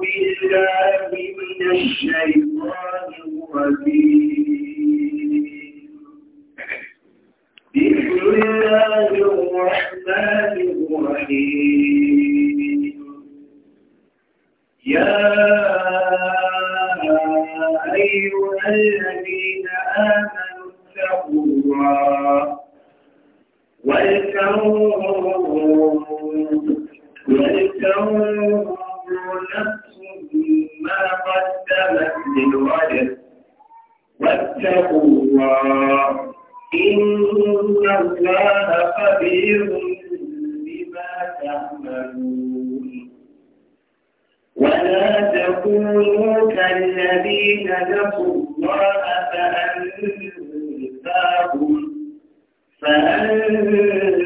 بالله من الشيطان الرجيم بسم الله الرحمن الرحيم يا أيها الذين واتقوا الله إن الله خبير بما تعملون ولا تكونوا كالذين نسوا الله فأنساهم فأنساهم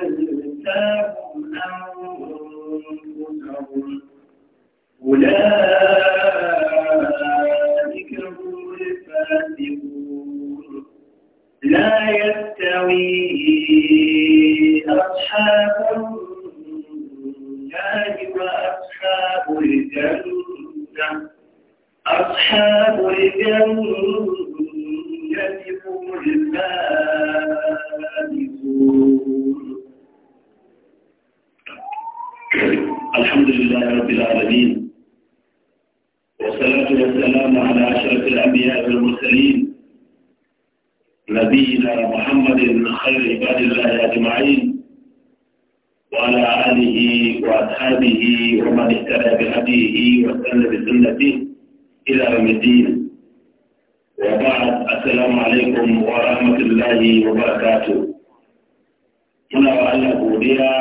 أصحابه ومن اهتدى بهديه واستنى بسنته إلى يوم الدين وبعد السلام عليكم ورحمة الله وبركاته muna wa Allah godiya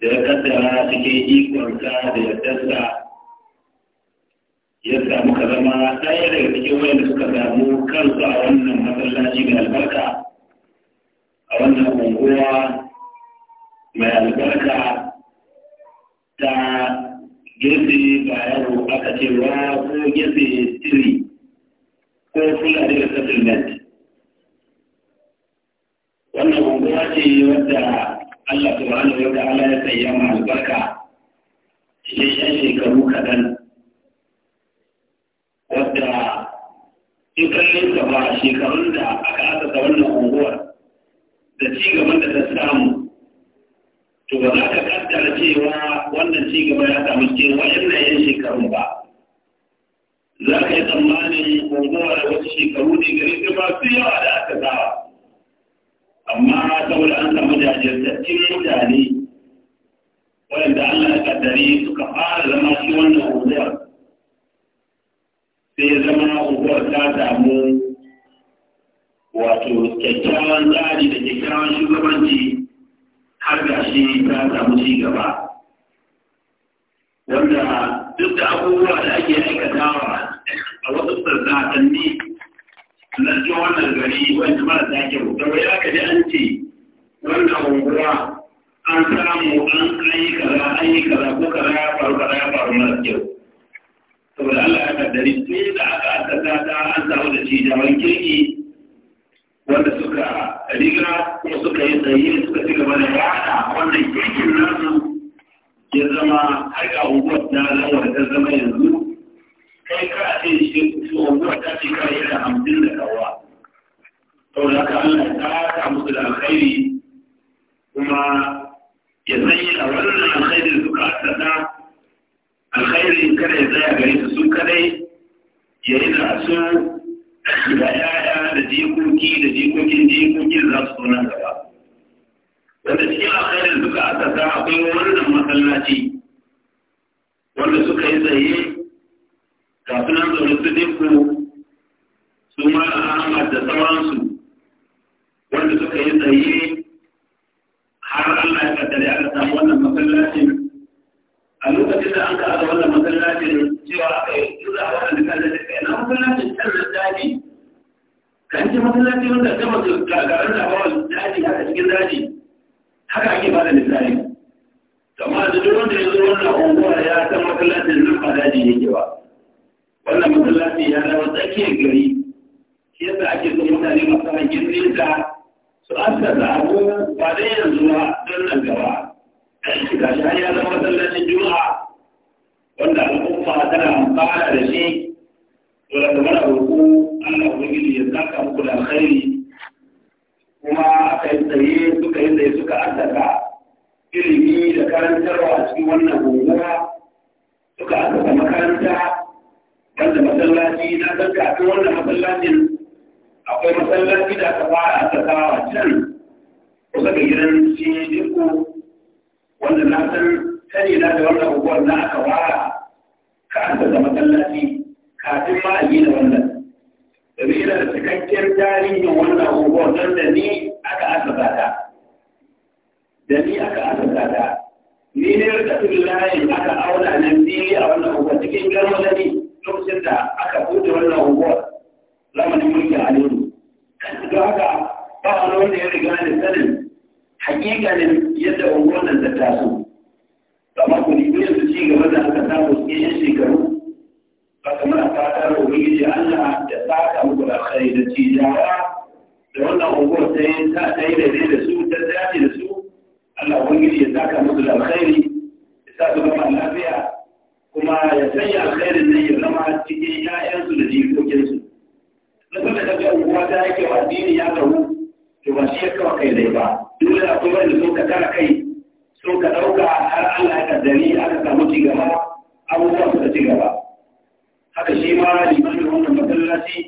da ya kaddara cikin ikonsa da yardarsa ya samu ka zama ɗaya daga cikin wayanda suka samu kansu a wannan masallaci mai albarka a wannan unguwa mai albarka ta girbe ba yaro aka cewa ko girbe tiri ko fulani da settlement wannan unguwa ce wadda Allah subhanahu wa ta'ala ya sayyama albarka cikin shan shekaru kaɗan wadda in kalli ta ba shekarun da aka asasa wannan unguwar da ci gaban da ta samu to ba za ka kaddara cewa wannan ci gaba ya samu cikin ya yan shekaru ba za ka yi tsammanin unguwa da wasu shekaru ne gari da ba su yawa da aka sawa amma saboda an samu jajirtaccen mutane waɗanda Allah ya kaddare suka fara zama shi wannan unguwar sai zama unguwar ta samu wato kyakkyawan tsari da kyakkyawan shugabanci har ga shi ta samu ci gaba wanda duk da abubuwa da ake aikatawa a wasu sassatanni na cikin wannan gari wanda marasa kyau da ya ka ji an ce wannan unguwa an samu an ayi kaza an yi kaza ko kaza ya faru kaza ya faru mara kyau saboda Allah ya kaddari tun da aka asasa ta an samu da ci jaman kirki wanda suka riga kuma suka yi tsaye suka ci gaba da yada wannan yankin nasu ya zama har ga unguwar ta zama ta zama yanzu kai ka ce shi su unguwar ta ce kare da hamsin da kawa saboda haka Allah ta ta musu da alkhairi kuma ya sanya a wannan alkhairi suka asasa alkhairi kada ya tsaya gare su su kadai ya yi da su da yaya da jikoki da jikokin jikokin za su nan gaba wanda cikin alkhairin suka aka sa akwai wannan masallaci wanda suka yi tsaye kafin nan zaune su dinku su ma Ahmad da sauransu wanda suka yi tsaye har Allah ya kaddare aka samu wannan masallacin a lokacin da an ka aka wannan masallacin cewa aka yi zuwa wannan da kan da kai na masallacin kan da dadi ka ake masallaci wanda ga masu gagarin da hawa daji a cikin daji haka ake bada misali amma da duk wanda ya zo wannan unguwa ya san masallacin nan ba daji yake ba wannan masallaci ya zama tsakiyar gari shi yasa ake son mutane masu hankin nesa su asasa abu ba dai yanzu ba don nan gaba ga shi ya zama masallacin juma'a wanda al'umma tana amfana da shi to da kamar roƙo Allah ubangiji ya saka muku da alkhairi kuma aka yi tsaye suka yi tsaye suka azzaka ilimi da karantarwa a cikin wannan gunguwa suka azzaka makaranta wanda masallaci na san kafin wannan masallacin akwai masallaci da aka fara azzakawa can kusa ga gidan shi dinku wanda na san sani na da wannan gunguwar na aka fara ka azzaka masallaci kafin ma a gina wannan domin yana da cikakkiyar tarihin wannan abubuwan don da ni aka asasa ta da ni aka asasa ta ni ne rika layin aka auna nan fili a wannan abubuwan cikin gano da ni lokacin da aka buɗe wannan abubuwan zamanin mulkin aliyu don haka ba wani wanda ya riga da sanin hakikanin yadda unguwan nan ta taso kamar ku ne yanzu ci gaba da aka samu cikin shekaru fatan ubangiji Allah da saka muku da kai da tijawa da wannan unguwar sai ta ta yi daidai da su ta dace da su Allah ubangiji ya saka musu da alkhairi ya sa su zama lafiya kuma ya sanya alkhairin nan ya zama cikin 'ya'yansu da jikokinsu na sanar da ga unguwa ta yake wa addini ya karu to ba shi ya kawo kai dai ba Duk dole akwai wanda so ka kara kai so ka ɗauka har Allah ya kaddari aka samu cigaba abubuwan suka ci gaba haka shi ma limanin wannan masallaci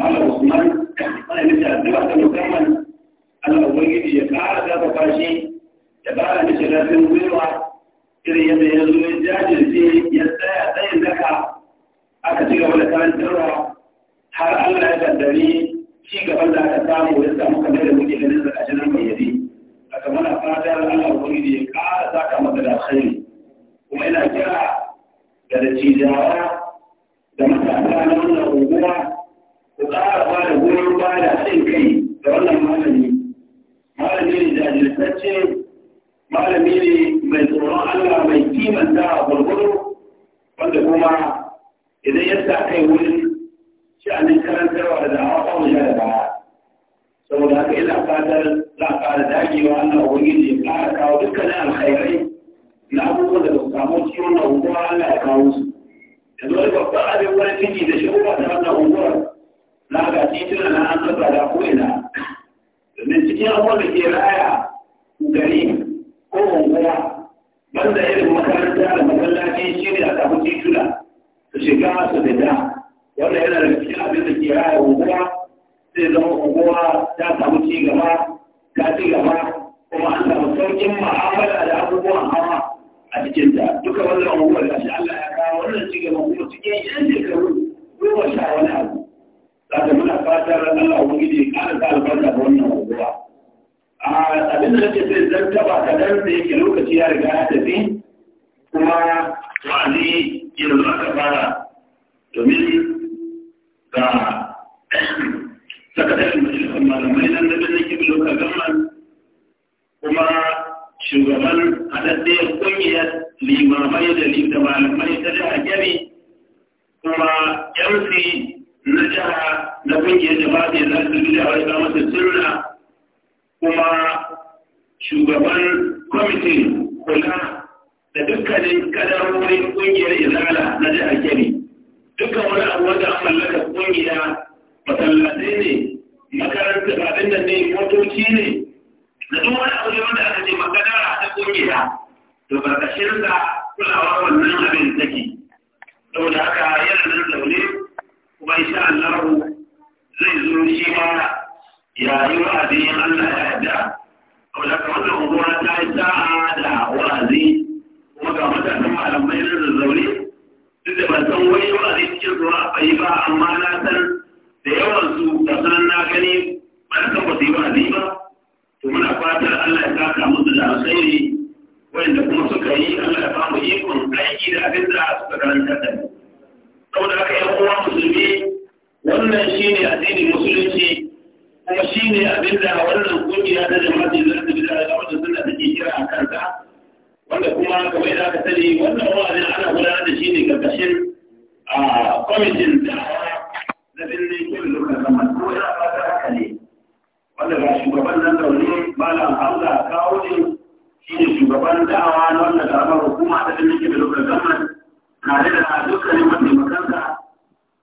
Malam Usman ana nufi addu'a ta musamman Allah Ubangiji ya ƙara zafafa shi ya ƙara mishi lafiyar gwiwa irin yadda ya zo ya jajirce ya tsaya tsayin daka aka ci gaba da karantarwa har Allah ya dandari ci gaban da aka samu ya samu kamar da muke ganin sa a jiran bayyane a kamar a fatar Allah Ubangiji ya ƙara zaka maka da alkhairi kuma ina kira da da cijawa da matasa na wannan unguwa ku ba da goyon da haɗin kai da wannan malami malami ne malami ne mai tsoron Allah mai kimanta a wanda kuma idan ya sa wurin sha'anin karantarwa da da'awa ba mu da saboda haka ina za a ƙara dagewa kawo dukkanin alkhairai na da ba samu na unguwa yanzu wani babban abin wani ciki da shaguma da wannan unguwar na ga tituna na an zaba da ko'ina domin cikin abubuwan da ke raya gari ko unguwa banda irin makaranta da masallaci shi ne a samu tituna su shiga su fita wanda yana da cikin abin da ke raya unguwa sai zama unguwa ta samu ci gaba ta ci gaba kuma an samu sauƙin ma'amala da abubuwan hawa a cikinta duka wannan unguwar da shi Allah wannan ci kuma cikin yan shekaru goma sha wani abu za ta muna fatar Allah ta albarka da wannan a abin da nake sai zan taba kadan da yake lokaci ya riga ya tafi kuma wa'azi yanzu aka fara domin ga sakataren majalisar malamai nan da bin nake lokacin kuma shugaban a nan dai kungiyar mai da malamai ta jihar gari kuma yansi na jiha na kungiyar jama'a da nasu gida wani ba masa sirra kuma shugaban kwamitin kula da dukkanin kadarorin kungiyar izala na jihar gari dukkan wani abu wanda an mallaka kungiya masallatai ne makaranta abin da ne motoci ne Na duk wani abu ne wanda aka ce makadara ta koke da to karkashin sa kulawar wannan abin take da haka yana nan zaune kuma insha Allah zai zo shi ma ya yi wa'azi in Allah ya yarda saboda haka wannan unguwa ta yi sa'a da wa'azi kuma ga matasan malamai na zaune. duk da ban san wani wa'azi cikin zuwa a yi ba amma na san da yawan su da sanan na gani ba na san ba su yi wa'azi ba alkhairi wanda kuma suka yi Allah ya ba ikon aiki da abin da suka karanta da mu da haka yan uwa musulmi wannan shine addinin musulunci kuma shine abin da wannan kungiya ta jama'a da ta bi da wanda sunna take kira a kanta wanda kuma kamar da aka sani wannan wa'azin ana gudanar da shi ne karkashin a kwamitin da na birnin kirin lokacin zaman ko ya fata haka ne wanda ba shugaban nan da wani zaune malam Allah kawo ne shi shugaban da'awa na wannan karamar hukuma ta da nake da lokacin zaman tare da dukkanin mataimakansa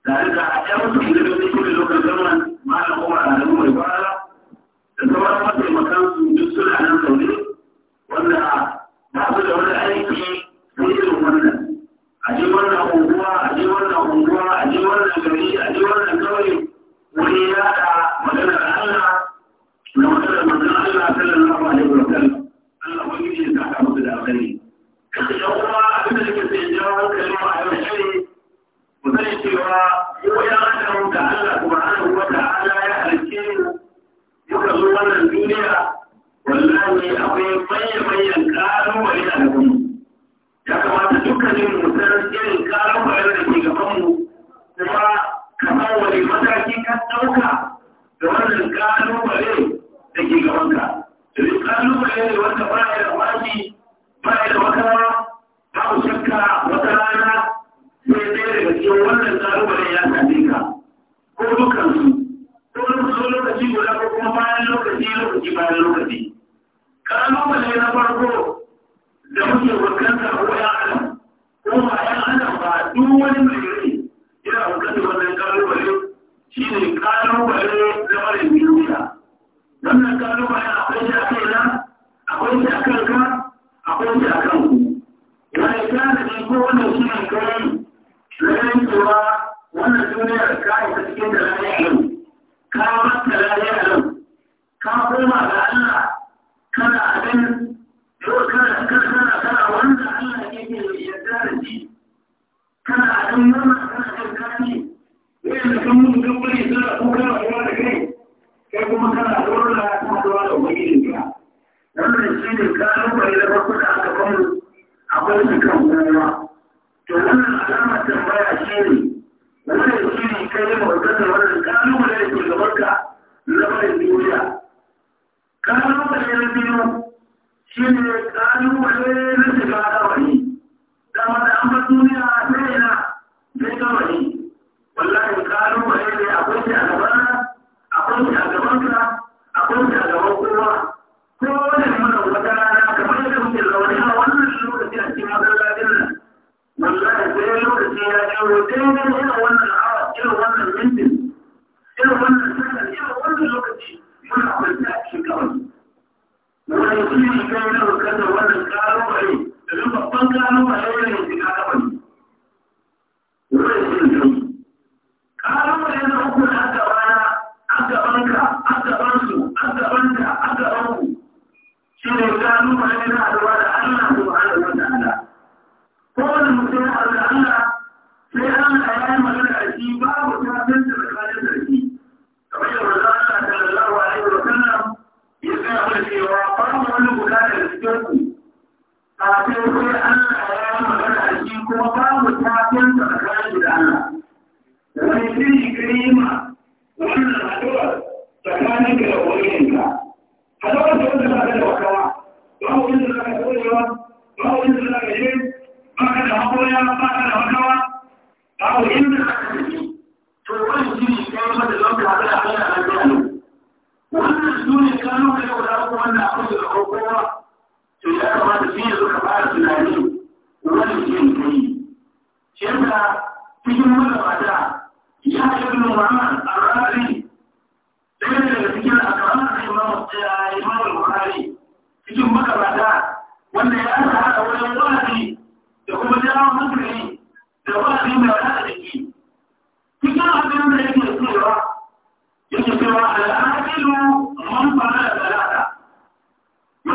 tare da a ɗaya musu da nake da lokacin zaman malam umar adamu mai fara da sauran mataimakansu duk suna nan zaune wanda ba su da wani aiki sai zamani na farko suka ko kowa to ya kamata su yi suka fara tunani wani jin kai shi yasa cikin wannan mata ya ibn Muhammad al-Razi ɗaya daga cikin akamata Imam Imam Bukhari cikin makamata wanda ya aka hada wajen wa'azi da kuma jawo da wa'azi da jiki cikin abin da yake cewa yake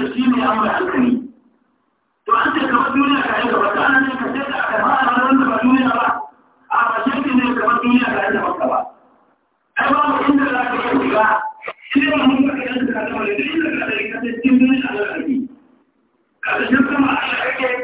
wannan shi ne an ba shi yi to an ce kamar duniya ka yi gaba ta ce ka ce ka a ranar ba duniya ba a ki ne kamar duniya ka yi gaba ba ai ba mu inda za ka shi ne mun ka ka da ka da ka ka da ka yi ka da shi a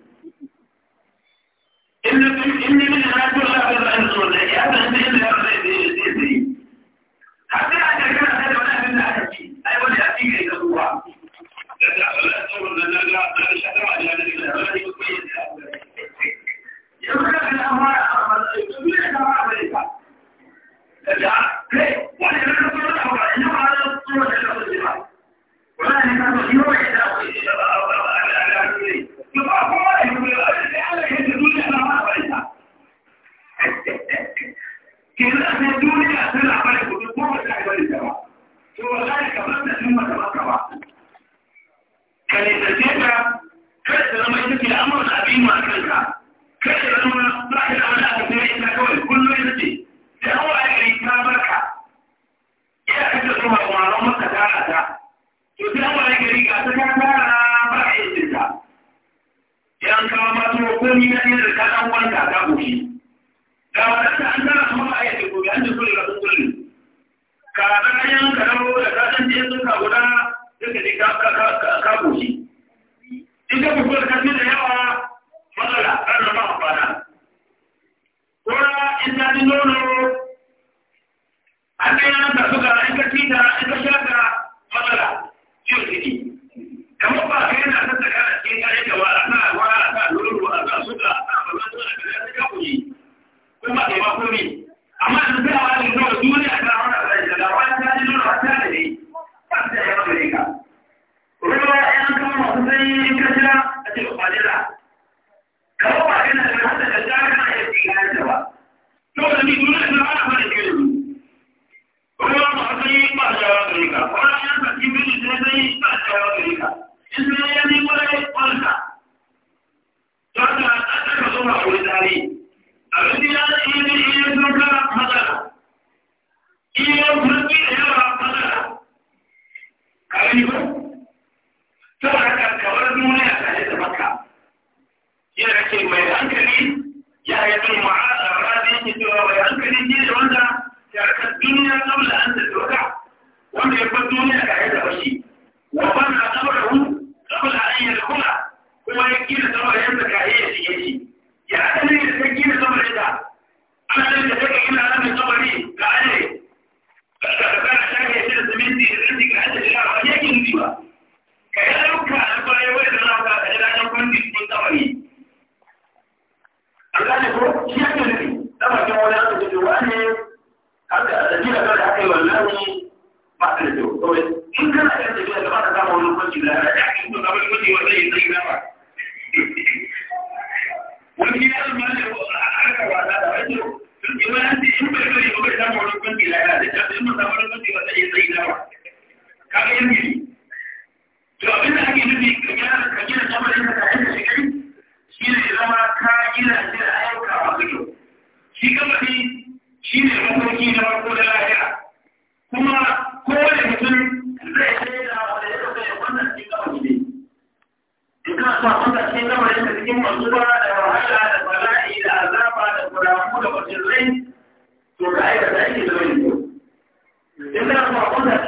إن إن من هذا كله بالرأس والله هذا من اللي حتى أنا كان هذا ولا من أحكي أي ولا أحكي إذا هو Thank you. kenan a sai duniya da zama kanka kada zama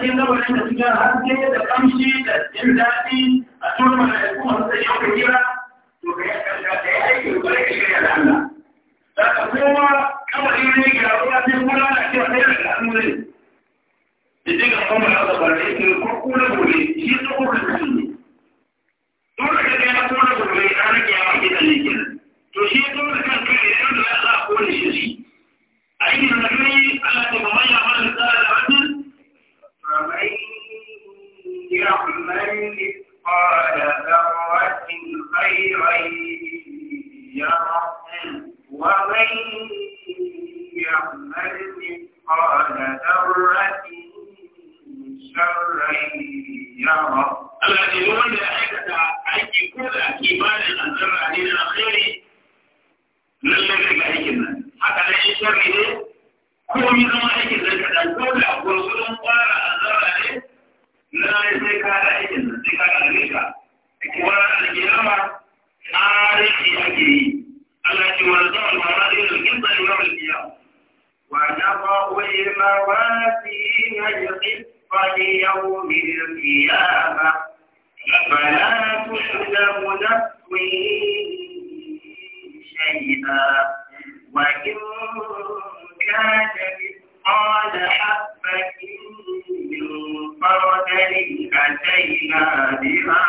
cikin gabarin da cikin haske da kamshi da jin daɗi a cikin mala'iku masu da yau da kira to ka yi kanka da ya aiki da ya shirya da Allah. ka ne ga ruwa sai kuma na cewa sai daga al'amurai. Da jiga kuma na zabarai ne ko kuma gobe shi tsohon kan بما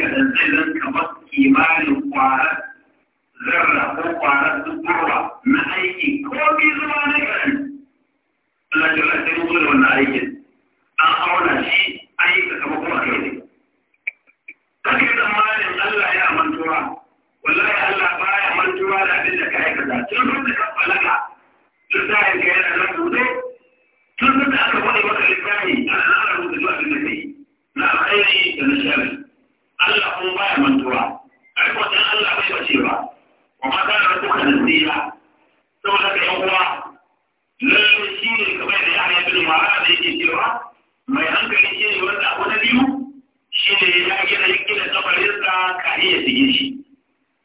kaɗan zai zan kamar kimanin kwarar zarra ko kwarar zukurwa na aiki ko bi zama na gari. Allah ya rasa yi da wannan aikin. An auna shi aiki kama sakamakon a kai ne. Kake tsammanin Allah ya mantuwa. Wallahi Allah baya mantuwa da abin da ka aikata. Tun sun da kan falaka. Tun sa yanka yana nan bude. Tun sun da aka faɗi maka lissafi. Ana nan rubuta zuwa abin da ka yi. Na alkhairi da na shari'a. Allah kun baya mantuwa alƙawarin Allah bai bace ba kuma ta da kuka nasiya saboda ka yan uwa lalle shi ne kamar da ya bin mara da yake cewa mai hankali shi ne wanda abu na biyu shi ne ya gina da kafarinsa ka iya sige shi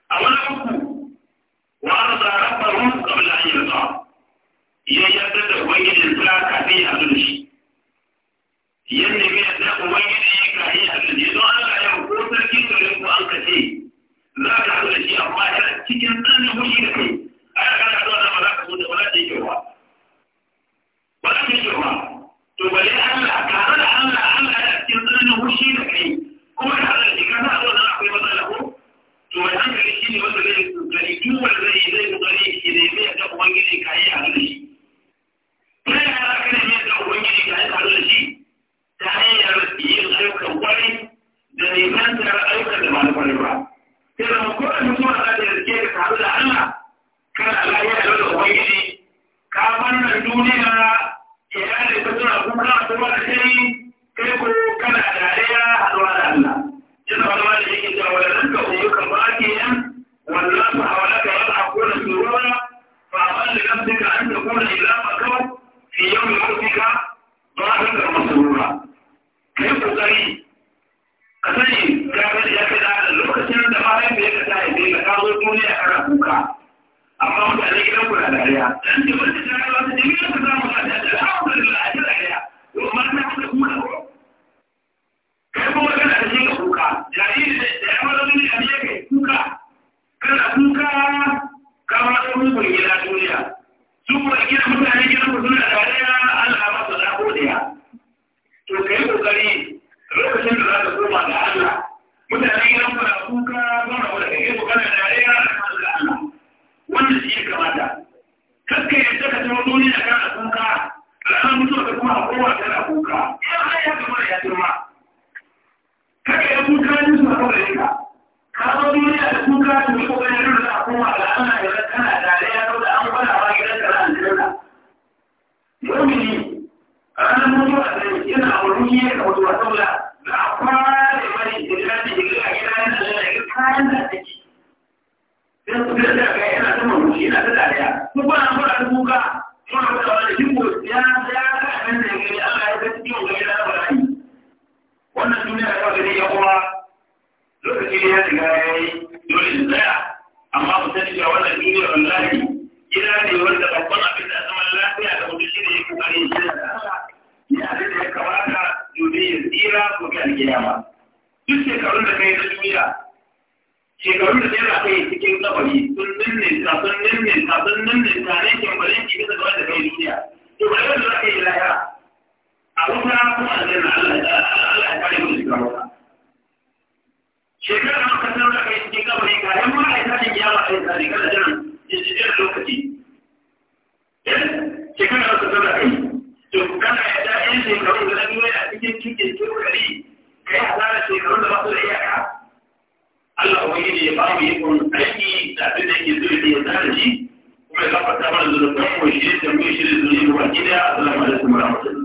a wani uku wa arda rabbahu qabla an yalqa ya yarda da ubangijinsa kafin ya haɗu da shi Yan yadda mai yarda ubangiji kafin ya haɗu da shi don suka ce za ka haɗu da shi amma yana cikin tsananin fushi da kai a kana haɗuwa na ba za ka so da ba za ta yi kyau ba za ta yi ba to bale Allah ka hana da Allah Allah yana cikin tsananin fushi da kai kuma ka hana da shi ka sa haɗuwa nan akwai matsala ko to mai hankali shi ne wanda zai kokari duk wanda zai yi zai kokari shi ne mai ga ubangiji ka yi a da shi ta ubangiji ka yi a da shi ta hanyar yin ayyukan kwarai da nisan ta ayyukan da ba na kwarai ba. Sai da ko a mutum a da yarke ka haɗu da Allah, kana Allah ya da Ubangiji, ka bar duniya kiyama duk shekarun da kai na duniya shekarun da kai kai cikin kabari sun ninne ta sun ninne ta sun ninne ta ne kin bare ki bisa ga wanda kai duniya to ba yau da kai lahira a wuta kuma da Allah Allah ya kare mu daga wuta shekarar da kai da kai cikin kabari ka yan ma ai ta kiyama ai ta ne kada jiran jijjiyar lokaci eh shekarar da kai to kana da yan shekarun da duniya cikin cikin kabari kai hasara shekarun da ba su da iyaka Allah ubangiji ya ba mu ikon aiki da abin da yake kuma ya mana shi da mu shi gida assalamu alaikum wa rahmatullahi